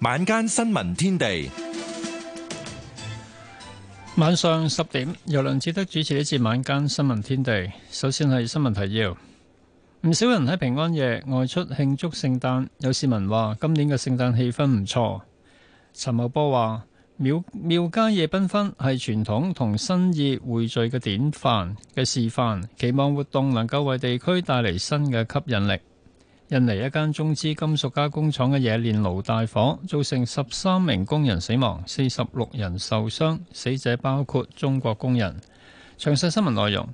晚間新聞天地，晚上十點由梁智德主持一次晚間新聞天地。首先係新聞提要，唔少人喺平安夜外出慶祝聖誕。有市民話今年嘅聖誕氣氛唔錯。陳茂波話：廟廟街夜繽紛係傳統同新意匯聚嘅典範嘅示範，期望活動能夠為地區帶嚟新嘅吸引力。印尼一間中資金屬加工廠嘅冶煉爐大火，造成十三名工人死亡，四十六人受傷，死者包括中國工人。詳細新聞內容，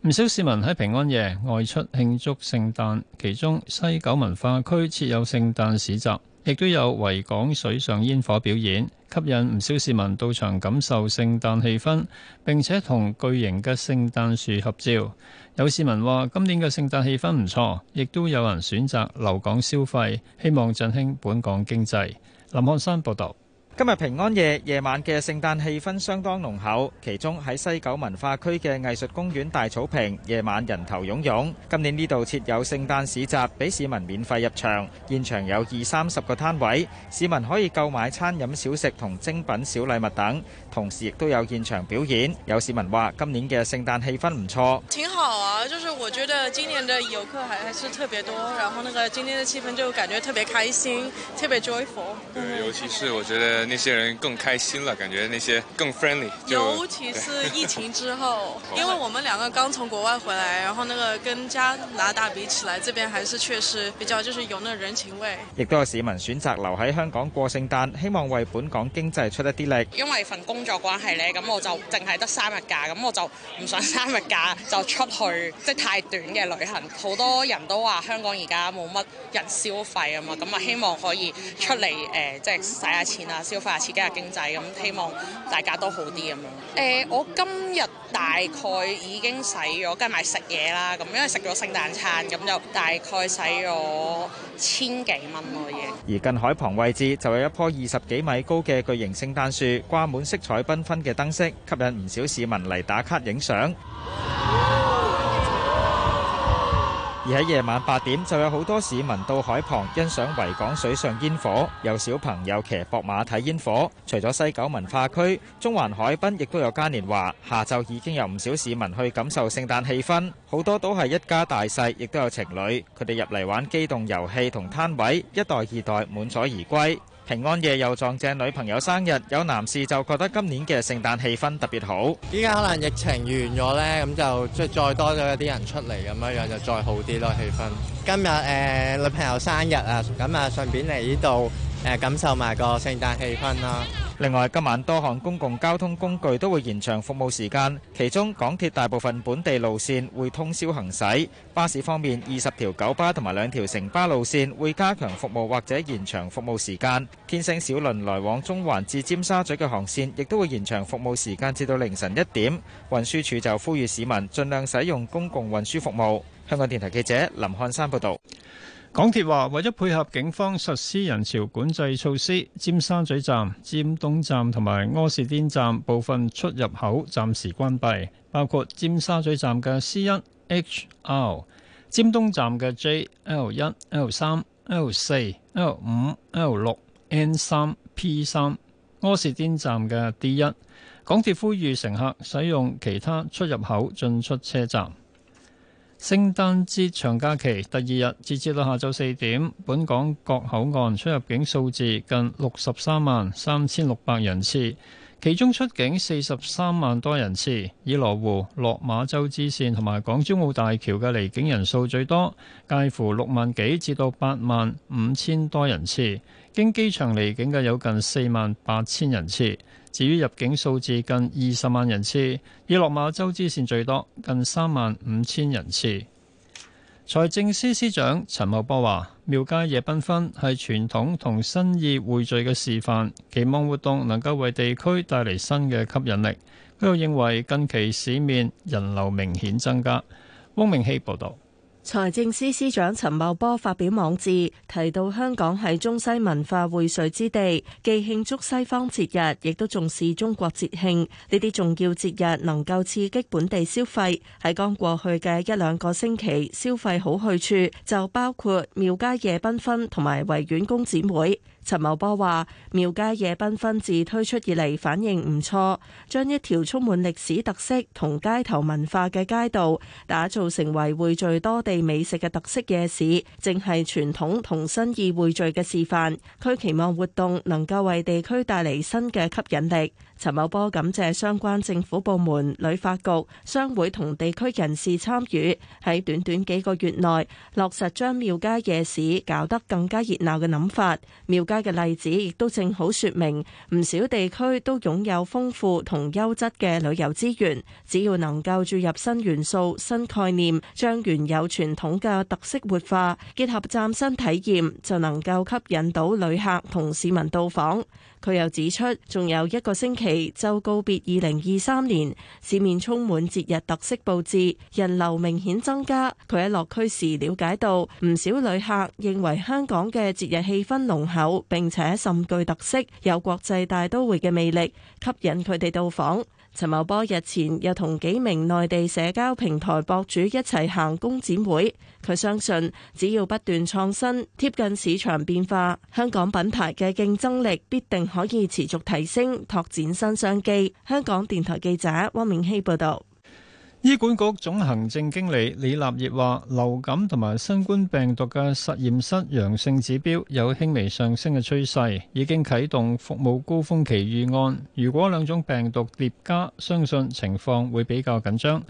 唔少市民喺平安夜外出慶祝聖誕，其中西九文化區設有聖誕市集。亦都有維港水上煙火表演，吸引唔少市民到場感受聖誕氣氛，並且同巨型嘅聖誕樹合照。有市民話：今年嘅聖誕氣氛唔錯，亦都有人選擇留港消費，希望振興本港經濟。林漢山報導。今日平安夜，夜晚嘅聖誕氣氛相當濃厚。其中喺西九文化區嘅藝術公園大草坪，夜晚人頭湧湧。今年呢度設有聖誕市集，俾市民免費入場，現場有二三十個攤位，市民可以購買餐飲小食同精品小禮物等。同時亦都有現場表演，有市民話：今年嘅聖誕氣氛唔錯，挺好啊！就是我覺得今年的遊客還還是特別多，然後那個今天的氣氛就感覺特別開心，特別 joyful。對， 尤其是我覺得那些人更開心了，感覺那些更 friendly。尤其是疫情之後， 因為我們兩個剛從國外回來，然後那個跟加拿大比起來，這邊還是確實比較就是有那人情味。亦都有市民選擇留喺香港過聖誕，希望為本港經濟出一啲力，因為份工作關係咧，咁我就淨係得三日假，咁我就唔想三日假就出去，即係太短嘅旅行。好多人都話香港而家冇乜人消費啊嘛，咁啊希望可以出嚟誒，即係使下錢啊，消費下刺激下經濟。咁希望大家都好啲咁樣。誒，我今日大概已經使咗，跟埋食嘢啦，咁因為食咗聖誕餐，咁就大概使咗千幾蚊咯嘢。而近海旁位置就有一棵二十幾米高嘅巨型聖誕樹，掛滿色彩海繽紛嘅燈飾吸引唔少市民嚟打卡影相，而喺夜晚八點就有好多市民到海旁欣賞維港水上煙火，有小朋友騎駁馬睇煙火。除咗西九文化區，中環海濱亦都有嘉年華。下晝已經有唔少市民去感受聖誕氣氛，好多都係一家大細，亦都有情侶，佢哋入嚟玩機動遊戲同攤位，一代二代滿載而歸。平安夜又撞正女朋友生日，有男士就覺得今年嘅聖誕氣氛特別好。依家可能疫情完咗呢？咁就即係再多咗一啲人出嚟，咁樣樣就再好啲咯氣氛。今日誒、呃、女朋友生日啊，咁啊順便嚟呢度誒感受埋個聖誕氣氛啦。另外，今晚多項公共交通工具都會延長服務時間，其中港鐵大部分本地路線會通宵行駛；巴士方面，二十條九巴同埋兩條城巴路線會加強服務或者延長服務時間。天星小輪來往中環至尖沙咀嘅航線亦都會延長服務時間至到凌晨一點。運輸署就呼籲市民盡量使用公共運輸服務。香港電台記者林漢山報導。港鐵話，為咗配合警方實施人潮管制措施，尖沙咀站、尖東站同埋柯士甸站部分出入口暫時關閉，包括尖沙咀站嘅 C 一、H R、尖東站嘅 J L 一、L 三、L 四、L 五、L 六、N 三、P 三、柯士甸站嘅 D 一。港鐵呼籲乘客使用其他出入口進出車站。聖誕節長假期第二日，截至到下晝四點，本港各口岸出入境數字近六十三萬三千六百人次，其中出境四十三萬多人次，以羅湖、落馬洲支線同埋港珠澳大橋嘅離境人數最多，介乎六萬幾至到八萬五千多人次。經機場離境嘅有近四萬八千人次。至於入境數字近二十萬人次，以落馬洲支線最多，近三萬五千人次。財政司司長陳茂波話，廟街夜繽紛係傳統同新意匯聚嘅示範，期望活動能夠為地區帶嚟新嘅吸引力。佢又認為近期市面人流明顯增加。翁明希報導。財政司司長陳茂波發表網誌，提到香港係中西文化匯萃之地，既慶祝西方節日，亦都重視中國節慶。呢啲重要節日能夠刺激本地消費。喺剛過去嘅一兩個星期，消費好去處就包括廟街夜繽紛同埋維園工展會。陳茂波話：廟街夜繽紛自推出以嚟反應唔錯，將一條充滿歷史特色同街頭文化嘅街道打造成為匯聚多地美食嘅特色夜市，正係傳統同新意匯聚嘅示範。佢期望活動能夠為地區帶嚟新嘅吸引力。陳茂波感謝相關政府部門、旅發局、商會同地區人士參與，喺短短幾個月內落實將廟街夜市搞得更加熱鬧嘅諗法。廟街嘅例子亦都正好說明，唔少地區都擁有豐富同優質嘅旅遊資源，只要能夠注入新元素、新概念，將原有傳統嘅特色活化，結合嶄新體驗，就能夠吸引到旅客同市民到訪。佢又指出，仲有一個星期就告別二零二三年，市面充滿節日特色布置，人流明顯增加。佢喺落區時了解到，唔少旅客認為香港嘅節日氣氛濃厚，並且甚具特色，有國際大都會嘅魅力，吸引佢哋到訪。陳茂波日前又同幾名內地社交平台博主一齊行工展會，佢相信只要不斷創新，貼近市場變化，香港品牌嘅競爭力必定可以持續提升、拓展新商機。香港電台記者汪明熙報道。醫管局總行政經理李立業話：流感同埋新冠病毒嘅實驗室陽性指標有輕微上升嘅趨勢，已經啟動服務高峰期預案。如果兩種病毒疊加，相信情況會比較緊張。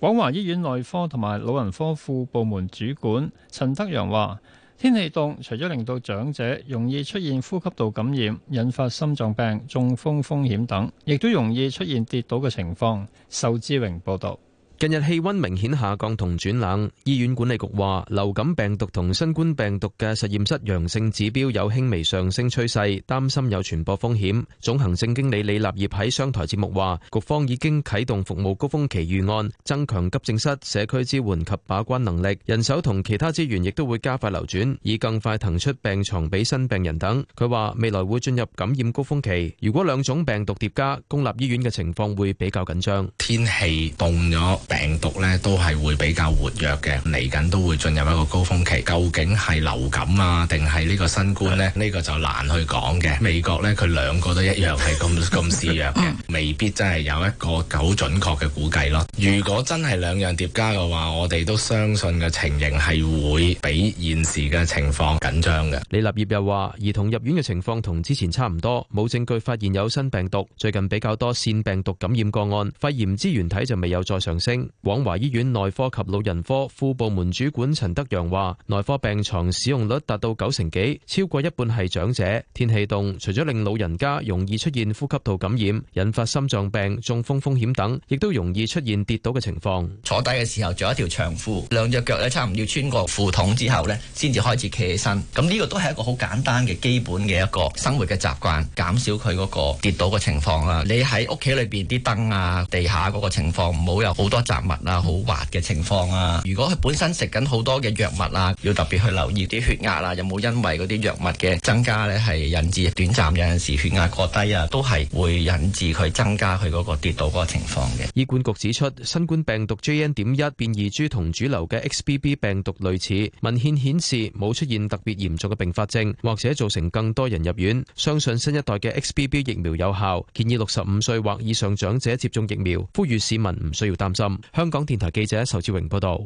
廣華醫院內科同埋老人科副部門主管陳德陽話：天氣凍，除咗令到長者容易出現呼吸道感染、引發心臟病、中風風險等，亦都容易出現跌倒嘅情況。仇志榮報道。近日氣溫明顯下降同轉冷，醫院管理局話流感病毒同新冠病毒嘅實驗室陽性指標有輕微上升趨勢，擔心有傳播風險，總行政經理李立業喺商台節目話局方已經啟動服務高峰期預案，增強急症室、社區支援及把關能力，人手同其他資源亦都會加快流轉，以更快騰出病床俾新病人等。佢話未來會進入感染高峰期，如果兩種病毒疊加，公立醫院嘅情況會比較緊張，天氣凍咗。病毒咧都係會比較活躍嘅，嚟緊都會進入一個高峰期。究竟係流感啊，定係呢個新冠呢，呢、呢個就難去講嘅。美國呢，佢兩個都一樣，係咁咁肆虐嘅，未必真係有一個好準確嘅估計咯。如果真係兩樣疊加嘅話，我哋都相信嘅情形係會比現時嘅情況緊張嘅。李立業又話，兒童入院嘅情況同之前差唔多，冇證據發現有新病毒。最近比較多腺病毒感染個案，肺炎支原體就未有再上升。廣華醫院內科及老人科副部門主管陳德陽話，內科病床使用率達到九成幾，超過一半係長者。天氣凍，除咗令老人家容易出現呼吸道感染、引發心臟病、中風風險等，亦都容易出現跌倒嘅情況。坐低嘅時候，着一條長褲，兩隻腳咧差唔多穿過褲筒之後咧，先至開始企起身。咁呢個都係一個好簡單嘅基本嘅一個生活嘅習慣，減少佢嗰個跌倒嘅情況啦。你喺屋企裏邊啲燈啊、地下嗰個情況，唔好有好多。雜物啊，好滑嘅情況啊。如果佢本身食緊好多嘅藥物啊，要特別去留意啲血壓啊，有冇因為嗰啲藥物嘅增加咧，係引致短暫有陣時血壓過低啊，都係會引致佢增加佢嗰個跌倒嗰個情況嘅。醫管局指出，新冠病毒 JN. 點一變異株同主流嘅 XBB 病毒類似，文獻顯示冇出現特別嚴重嘅併發症，或者造成更多人入院。相信新一代嘅 XBB 疫苗有效，建議六十五歲或以上長者接種疫苗。呼籲市民唔需要擔心。香港電台記者仇志榮報道：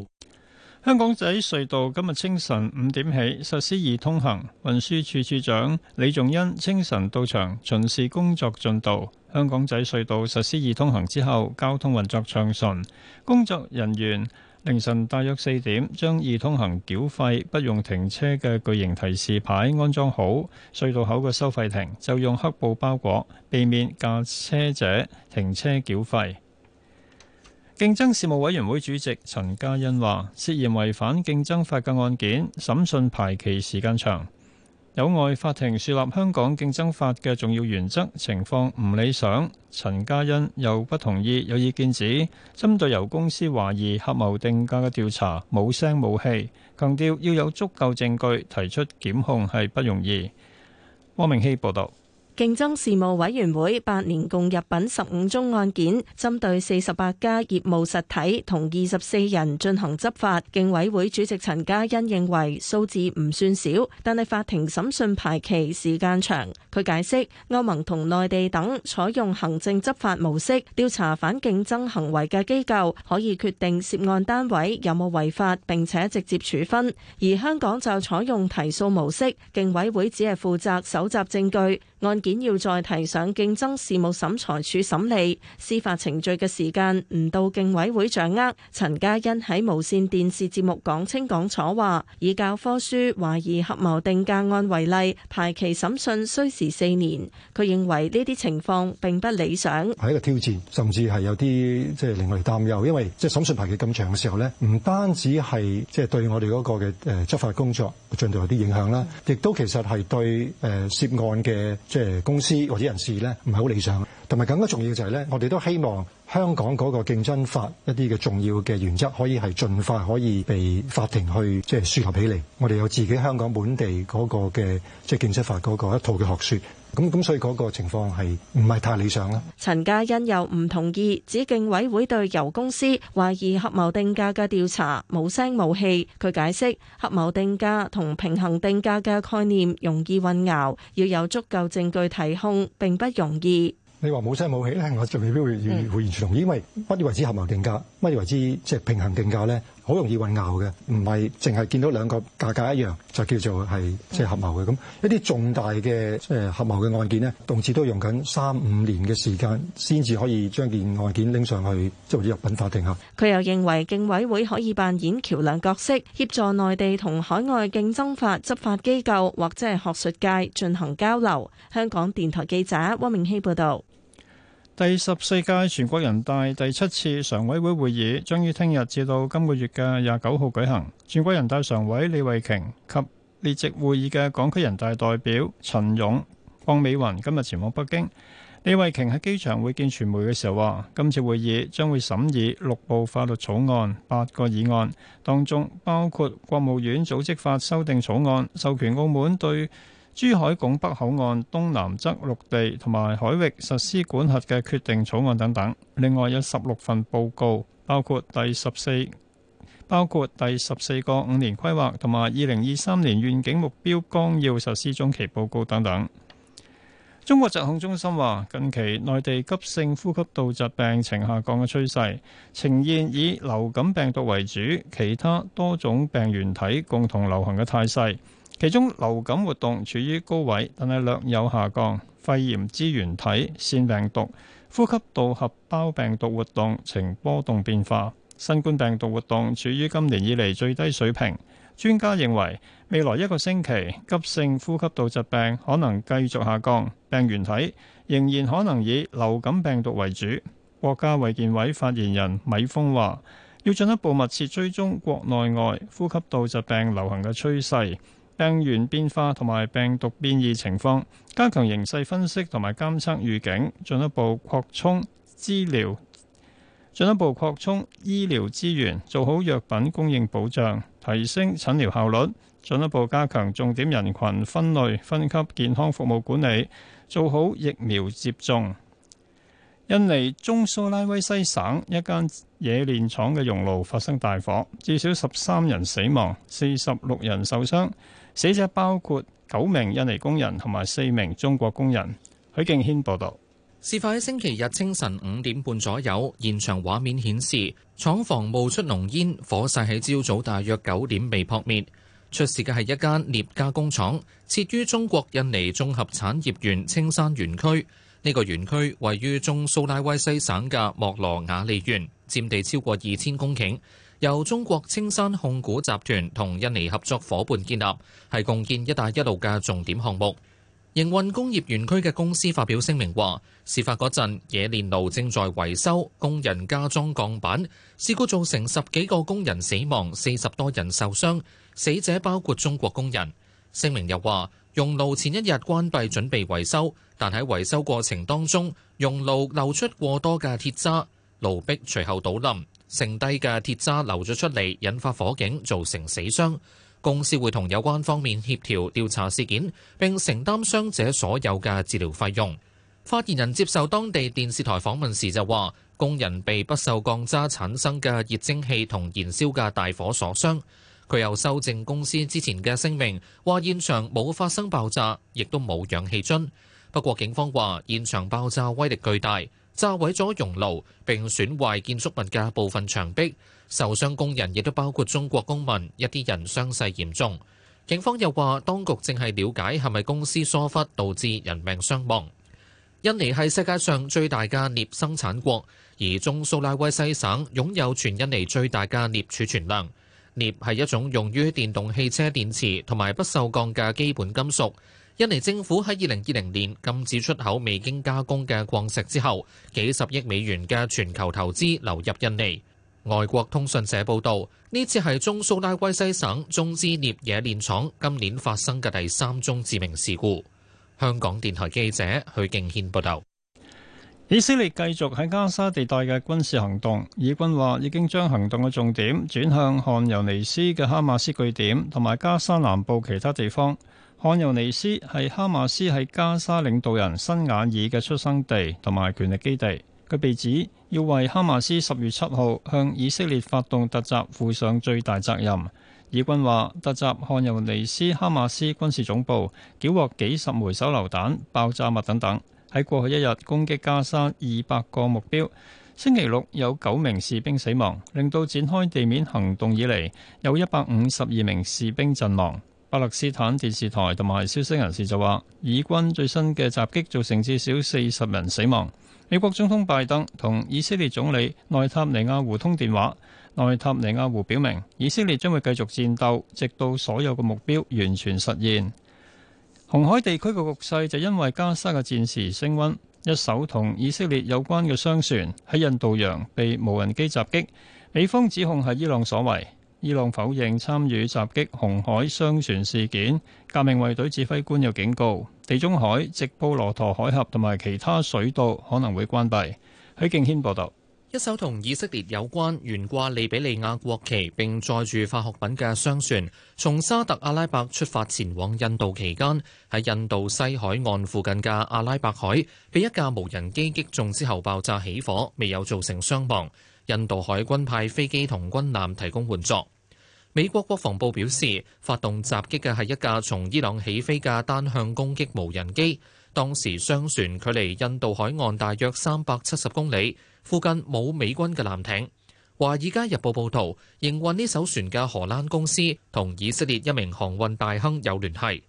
香港仔隧道今日清晨五點起實施易通行，運輸署署長李仲恩清晨到場巡視工作進度。香港仔隧道實施易通行之後，交通運作暢順。工作人員凌晨大約四點將易通行繳費不用停車嘅巨型提示牌安裝好，隧道口嘅收費亭就用黑布包裹，避免駕車者停車繳費。競爭事務委員會主席陳嘉欣話：涉嫌違反競爭法嘅案件審訊排期時間長，有礙法庭樹立香港競爭法嘅重要原則，情況唔理想。陳嘉欣又不同意有意見指，針對由公司懷疑合謀定價嘅調查冇聲冇氣，強調要有足夠證據提出檢控係不容易。汪明希報道。競爭事務委員會八年共入稟十五宗案件，針對四十八家業務實體同二十四人進行執法。競委會主席陳家欣認為數字唔算少，但係法庭審訊排期時間長。佢解釋，歐盟同內地等採用行政執法模式調查反競爭行為嘅機構，可以決定涉案單位有冇違法，並且直接處分；而香港就採用提訴模式，競委會只係負責搜集證據。案件要再提上競爭事務審裁處審理，司法程序嘅時間唔到，競委會掌握。陳家欣喺無線電視節目講清講楚話，以教科書懷疑合謀定價案為例，排期審訊需時四年。佢認為呢啲情況並不理想，係一個挑戰，甚至係有啲即係令我哋擔憂，因為即係審訊排期咁長嘅時候呢，唔單止係即係對我哋嗰個嘅誒執法工作進度有啲影響啦，亦都其實係對誒涉案嘅。即係公司或者人士咧，唔係好理想，同埋更加重要就係咧，我哋都希望。香港嗰個競爭法一啲嘅重要嘅原則可以係盡快可以被法庭去即係樹立起嚟，我哋有自己香港本地嗰個嘅即係競爭法嗰個一套嘅學說，咁咁所以嗰個情況，係唔係太理想啦？陳嘉欣又唔同意指競委會對油公司懷疑合謀定價嘅調查冇聲冇氣，佢解釋合謀定價同平衡定價嘅概念容易混淆，要有足夠證據提控並不容易。你話冇聲冇氣咧，我仲未必會會完全同意，因為乜嘢為之合謀定價，乜嘢為之即係平行定價咧，好容易混淆嘅，唔係淨係見到兩個價格,格一樣就叫做係即係合謀嘅。咁一啲重大嘅即係合謀嘅案件呢，動次都用緊三五年嘅時間先至可以將件案件拎上去，即係入稟法庭嚇。佢又認為競委會可以扮演橋梁角色，協助內地同海外競爭法執法機構或者係學術界進行交流。香港電台記者汪明希報導。第十四屆全國人大第七次常委會會議將於聽日至到今個月嘅廿九號舉行。全國人大常委李慧瓊及列席會議嘅港區人大代表陳勇、鄺美雲今日前往北京。李慧瓊喺機場會見傳媒嘅時候話，今次會議將會審議六部法律草案、八個議案，當中包括國務院組織法修訂草案，授權澳門對。珠海拱北口岸東南側陸地同埋海域實施管轄嘅決定草案等等，另外有十六份報告，包括第十四包括第十四個五年規劃同埋二零二三年遠景目標綱要實施中期報告等等。中國疾控中心話，近期內地急性呼吸道疾病呈下降嘅趨勢，呈現以流感病毒為主，其他多種病原體共同流行嘅態勢。其中流感活動處於高位，但係略有下降。肺炎支原體、腺病毒、呼吸道合胞病毒活動呈波動變化。新冠病毒活動處於今年以嚟最低水平。專家認為未來一個星期急性呼吸道疾病可能繼續下降，病原體仍然可能以流感病毒為主。國家衛健委發言人米峰話要進一步密切追蹤國內外呼吸道疾病流行嘅趨勢。病源變化同埋病毒變異情況，加強形勢分析同埋監測預警，進一步擴充治療，進一步擴充醫療資源，做好藥品供應保障，提升診療效率，進一步加強重點人群分類分級健康服務管理，做好疫苗接種。印尼中蘇拉威西省一間冶煉廠嘅熔爐發生大火，至少十三人死亡，四十六人受傷。死者包括九名印尼工人同埋四名中國工人。許敬軒報道。事發喺星期日清晨五點半左右，現場畫面顯示廠房冒出濃煙，火勢喺朝早大約九點未撲滅。出事嘅係一間鎳加工廠，設於中國印尼綜合產業園青山園區。呢個園區位於中蘇拉威西省嘅莫羅瓦利縣，佔地超過二千公頃。由中國青山控股集團同印尼合作伙伴建立，係共建一帶一路嘅重點項目。營運工業園區嘅公司發表聲明話，事發嗰陣冶煉爐正在維修，工人加裝鋼板，事故造成十幾個工人死亡，四十多人受傷，死者包括中國工人。聲明又話，熔爐前一日關閉準備維修，但喺維修過程當中，熔爐流出過多嘅鐵渣，爐壁隨後倒冧。剩低嘅鐵渣流咗出嚟，引發火警，造成死傷。公司會同有關方面協調調查事件，並承擔傷者所有嘅治療費用。發言人接受當地電視台訪問時就話，工人被不鏽鋼渣產生嘅熱蒸氣同燃燒嘅大火所傷。佢又修正公司之前嘅聲明，話現場冇發生爆炸，亦都冇氧氣樽。不過警方話現場爆炸威力巨大。炸毀咗熔爐並損壞建築物嘅部分牆壁，受傷工人亦都包括中國公民，一啲人傷勢嚴重。警方又話，當局正係了解係咪公司疏忽導致人命傷亡。印尼係世界上最大嘅鎳生產國，而中蘇拉威西省擁有全印尼最大嘅鎳儲存量。鎳係一種用於電動汽車電池同埋不鏽鋼嘅基本金屬。印尼政府喺二零二零年禁止出口未經加工嘅礦石之後，幾十億美元嘅全球投資流入印尼。外國通訊社報道，呢次係中蘇拉威西省中資鎳冶煉廠今年發生嘅第三宗致命事故。香港電台記者許敬軒報道。以色列繼續喺加沙地帶嘅軍事行動，以軍話已經將行動嘅重點轉向漢尤尼斯嘅哈馬斯據點同埋加沙南部其他地方。漢尤尼斯係哈馬斯喺加沙領導人辛瓦爾嘅出生地同埋權力基地，佢被指要為哈馬斯十月七號向以色列發動突襲負上最大責任。以軍話突襲漢尤尼斯哈馬斯軍事總部，繳獲幾十枚手榴彈、爆炸物等等。喺過去一日攻擊加沙二百個目標，星期六有九名士兵死亡，令到展開地面行動以嚟有一百五十二名士兵陣亡。巴勒斯坦電視台同埋消息人士就話，以軍最新嘅襲擊造成至少四十人死亡。美國總統拜登同以色列總理內塔尼亞胡通電話，內塔尼亞胡表明以色列將會繼續戰鬥，直到所有嘅目標完全實現。紅海地區嘅局勢就因為加沙嘅戰事升温，一艘同以色列有關嘅商船喺印度洋被無人機襲擊，美方指控係伊朗所為。伊朗否認參與襲擊紅海商船事件。革命衛隊指揮官又警告，地中海、直布羅陀海峽同埋其他水道可能會關閉。許敬軒報導，一艘同以色列有關、懸掛利比利亞國旗並載住化學品嘅商船，從沙特阿拉伯出發前往印度期間，喺印度西海岸附近嘅阿拉伯海被一架無人機擊中之後爆炸起火，未有造成傷亡。印度海軍派飛機同軍艦提供援助。美國國防部表示，發動襲擊嘅係一架從伊朗起飛嘅單向攻擊無人機。當時商船距離印度海岸大約三百七十公里，附近冇美軍嘅艦艇。華爾街日報報導，營運呢艘船嘅荷蘭公司同以色列一名航運大亨有聯繫。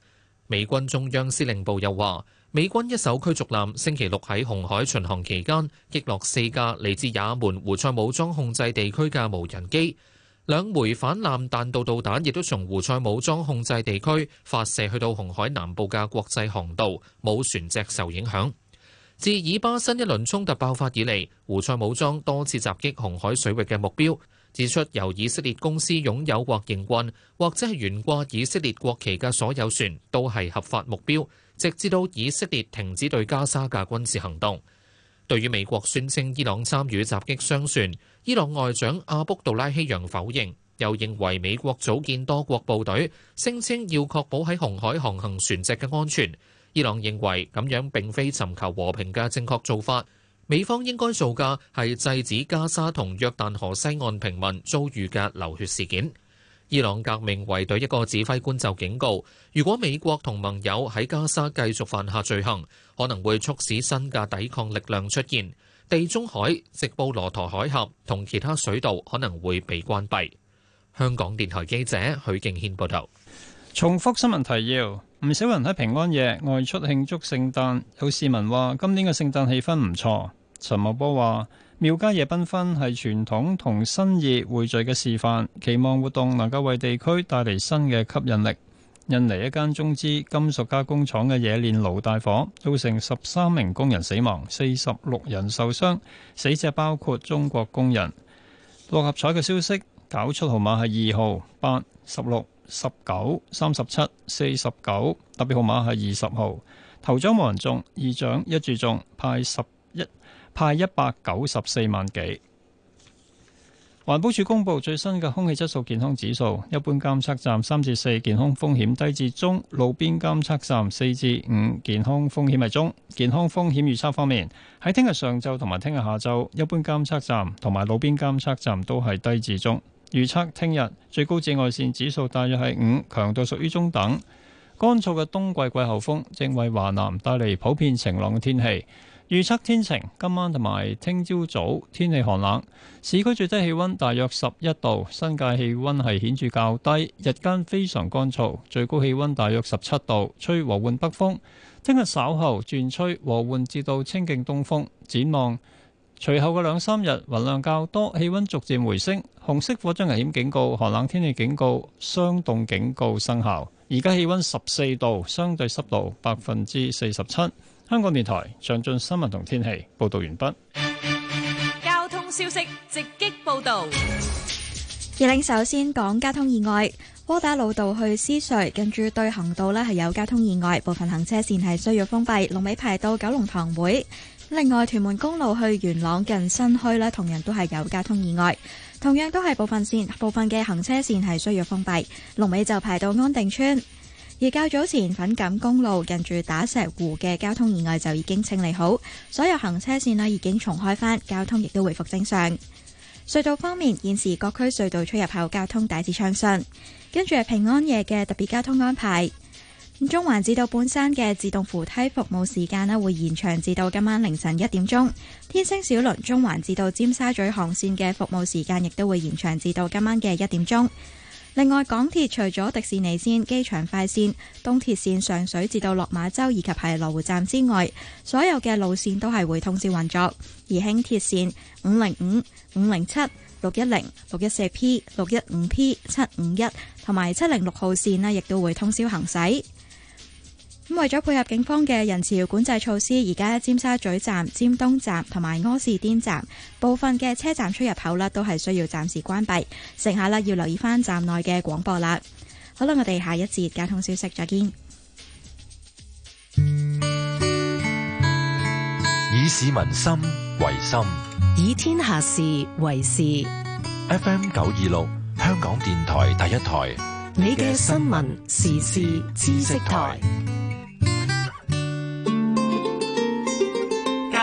美軍中央司令部又話，美軍一艘驅逐艦星期六喺紅海巡航期間擊落四架嚟自也門胡塞武裝控制地區嘅無人機。兩枚反艦彈道導彈亦都從胡塞武裝控制地區發射去到紅海南部嘅國際航道，冇船隻受影響。自以巴新一輪衝突爆發以嚟，胡塞武裝多次襲擊紅海水域嘅目標，指出由以色列公司擁有或營運，或者係懸掛以色列國旗嘅所有船都係合法目標，直至到以色列停止對加沙嘅軍事行動。對於美國宣稱伊朗參與襲擊商船，伊朗外長阿卜杜拉希揚否認，又認為美國組建多國部隊，聲稱要確保喺紅海航行船隻嘅安全。伊朗認為咁樣並非尋求和平嘅正確做法，美方應該做嘅係制止加沙同約旦河西岸平民遭遇嘅流血事件。伊朗革命衛隊一個指揮官就警告，如果美國同盟友喺加沙繼續犯下罪行，可能會促使新嘅抵抗力量出現。地中海、直布羅陀海峽同其他水道可能會被關閉。香港電台記者許敬軒報導。重複新聞提要，唔少人喺平安夜外出慶祝聖誕。有市民話：今年嘅聖誕氣氛唔錯。陳茂波話：廟街夜繽紛係傳統同新意匯聚嘅示範，期望活動能夠為地區帶嚟新嘅吸引力。印尼一間中資金屬加工廠嘅冶煉爐大火，造成十三名工人死亡，四十六人受傷，死者包括中國工人。六合彩嘅消息，搞出號碼係二號、八、十六、十九、三十七、四十九，特別號碼係二十號。頭獎冇人中，二獎一注中，派十一，派一百九十四萬幾。環保署公布最新嘅空氣質素健康指數，一般監測站三至四，健康風險低至中；路邊監測站四至五，健康風險係中。健康風險預測方面，喺聽日上晝同埋聽日下晝，一般監測站同埋路邊監測站都係低至中。預測聽日最高紫外線指數大約係五，強度屬於中等。乾燥嘅冬季季候風正為華南帶嚟普遍晴朗嘅天氣。預測天晴，今晚同埋聽朝早早天氣寒冷，市區最低氣溫大約十一度，新界氣溫係顯著較低，日間非常乾燥，最高氣溫大約十七度，吹和緩北風，聽日稍後轉吹和緩至到清勁東風，展望隨後嘅兩三日雲量較多，氣溫逐漸回升，紅色火災危險警告、寒冷天氣警告、霜凍警告生效，而家氣溫十四度，相對濕度百分之四十七。香港電台上進新聞同天氣報道完畢。交通消息直擊報道，葉玲首先講交通意外。窩打老道去獅隧近住對行道咧係有交通意外，部分行車線係需要封閉，龍尾排到九龍塘會。另外屯門公路去元朗近新墟咧，同樣都係有交通意外，同樣都係部分線部分嘅行車線係需要封閉，龍尾就排到安定村。而較早前，粉錦公路近住打石湖嘅交通意外就已經清理好，所有行車線咧已經重開返，交通亦都回復正常。隧道方面，現時各區隧道出入口交通大致暢順。跟住係平安夜嘅特別交通安排，中環至到半山嘅自動扶梯服務時間咧會延長至到今晚凌晨一點鐘。天星小輪中環至到尖沙咀航線嘅服務時間亦都會延長至到今晚嘅一點鐘。另外，港鐵除咗迪士尼線、機場快線、東鐵線上水至到落馬洲以及係羅湖站之外，所有嘅路線都係會通宵運作。而輕鐵線五零五、五零七、六一零、六一四 P、六一五 P、七五一同埋七零六號線呢，亦都會通宵行駛。咁為咗配合警方嘅人潮管制措施，而家尖沙咀站、尖東站同埋柯士甸站部分嘅車站出入口啦，都係需要暫時關閉，乘客呢要留意翻站內嘅廣播啦。好啦，我哋下一節交通消息再見。以市民心為心，以天下事為事。F.M. 九二六，香港電台第一台，你嘅新聞時事知識台。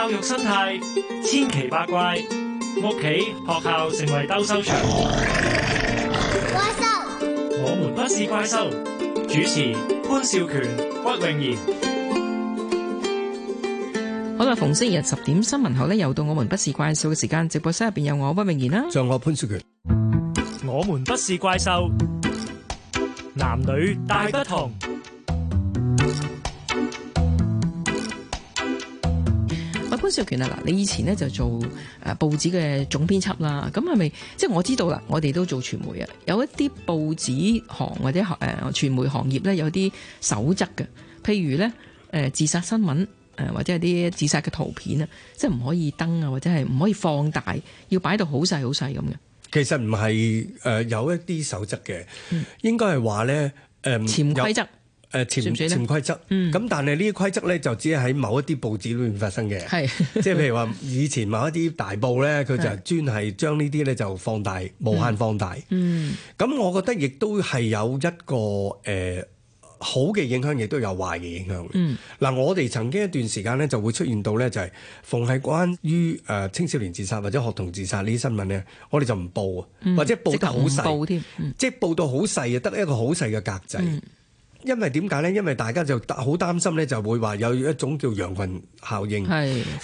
教育生態千奇百怪，屋企、學校成為鬥獸場。怪獸塞，我們不是怪獸。主持潘少權、屈穎妍。好啦，逢星期日十點新聞後咧，又到我們不是怪獸嘅時間。直播室入邊有我屈穎妍啦，像我潘少權。我們不是怪獸，男女大不同。 潘少權啊，嗱，你以前呢就做誒報紙嘅總編輯啦，咁係咪？即係我知道啦，我哋都做傳媒啊，有一啲報紙行或者誒、呃、傳媒行業咧有啲守則嘅，譬如咧誒、呃、自殺新聞誒或者係啲自殺嘅圖片啊，即係唔可以登啊，或者係唔可，可以放大，要擺到好細好細咁嘅。其實唔係誒有一啲守則嘅，應該係話咧誒潛規則。呃誒潛潛規則，咁、嗯、但係呢啲規則咧就只係喺某一啲報紙裏面發生嘅，即係譬如話以前某一啲大報咧，佢就專係將呢啲咧就放大，嗯、無限放大。咁、嗯、我覺得亦都係有一個誒、呃、好嘅影響，亦都有壞嘅影響。嗱、嗯啊，我哋曾經一段時間咧就會出現到咧就係、是、逢係關於誒、呃、青少年自殺或者學童自殺呢啲新聞咧，我哋就唔報啊，嗯、或者報得好細，嗯、即係報、嗯、報到好細啊，得一個好細嘅格仔。嗯因為點解咧？因為大家就好擔心咧，就會話有一種叫羊群效應，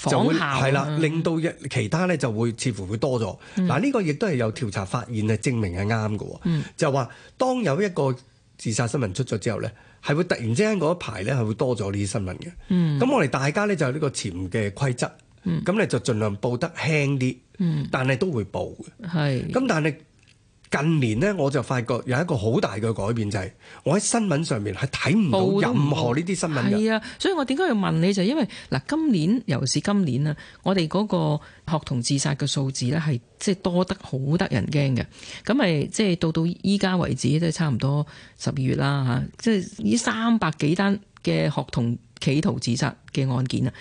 就會係啦，令到其他咧就會似乎會多咗。嗱、嗯，呢個亦都係有調查發現係證明係啱㗎。嗯、就話當有一個自殺新聞出咗之後咧，係會突然之間嗰一排咧係會多咗呢啲新聞嘅。咁、嗯、我哋大家咧就有呢個潛嘅規則，咁、嗯、你就儘量報得輕啲，嗯、但係都會報嘅。咁是但係。近年呢，我就發覺有一個好大嘅改變，就係我喺新聞上面係睇唔到任何呢啲新聞嘅報道，係啊，所以我點解要問你就係因為嗱，今年尤其是今年啦，我哋嗰個學童自殺嘅數字呢，係即係多得好得人驚嘅。咁咪即係到到依家為止都係差唔多十二月啦嚇，即係呢三百幾單嘅學童企圖自殺嘅案件啊。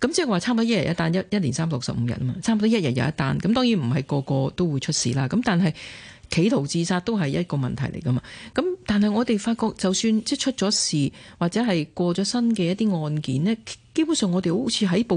咁即係話差唔多一日一單，一一年三百六十五日啊嘛，差唔多一日有一單。咁當然唔係個個都會出事啦。咁但係。企圖自殺都係一個問題嚟噶嘛，咁但係我哋發覺，就算即出咗事或者係過咗新嘅一啲案件咧，基本上我哋好似喺報。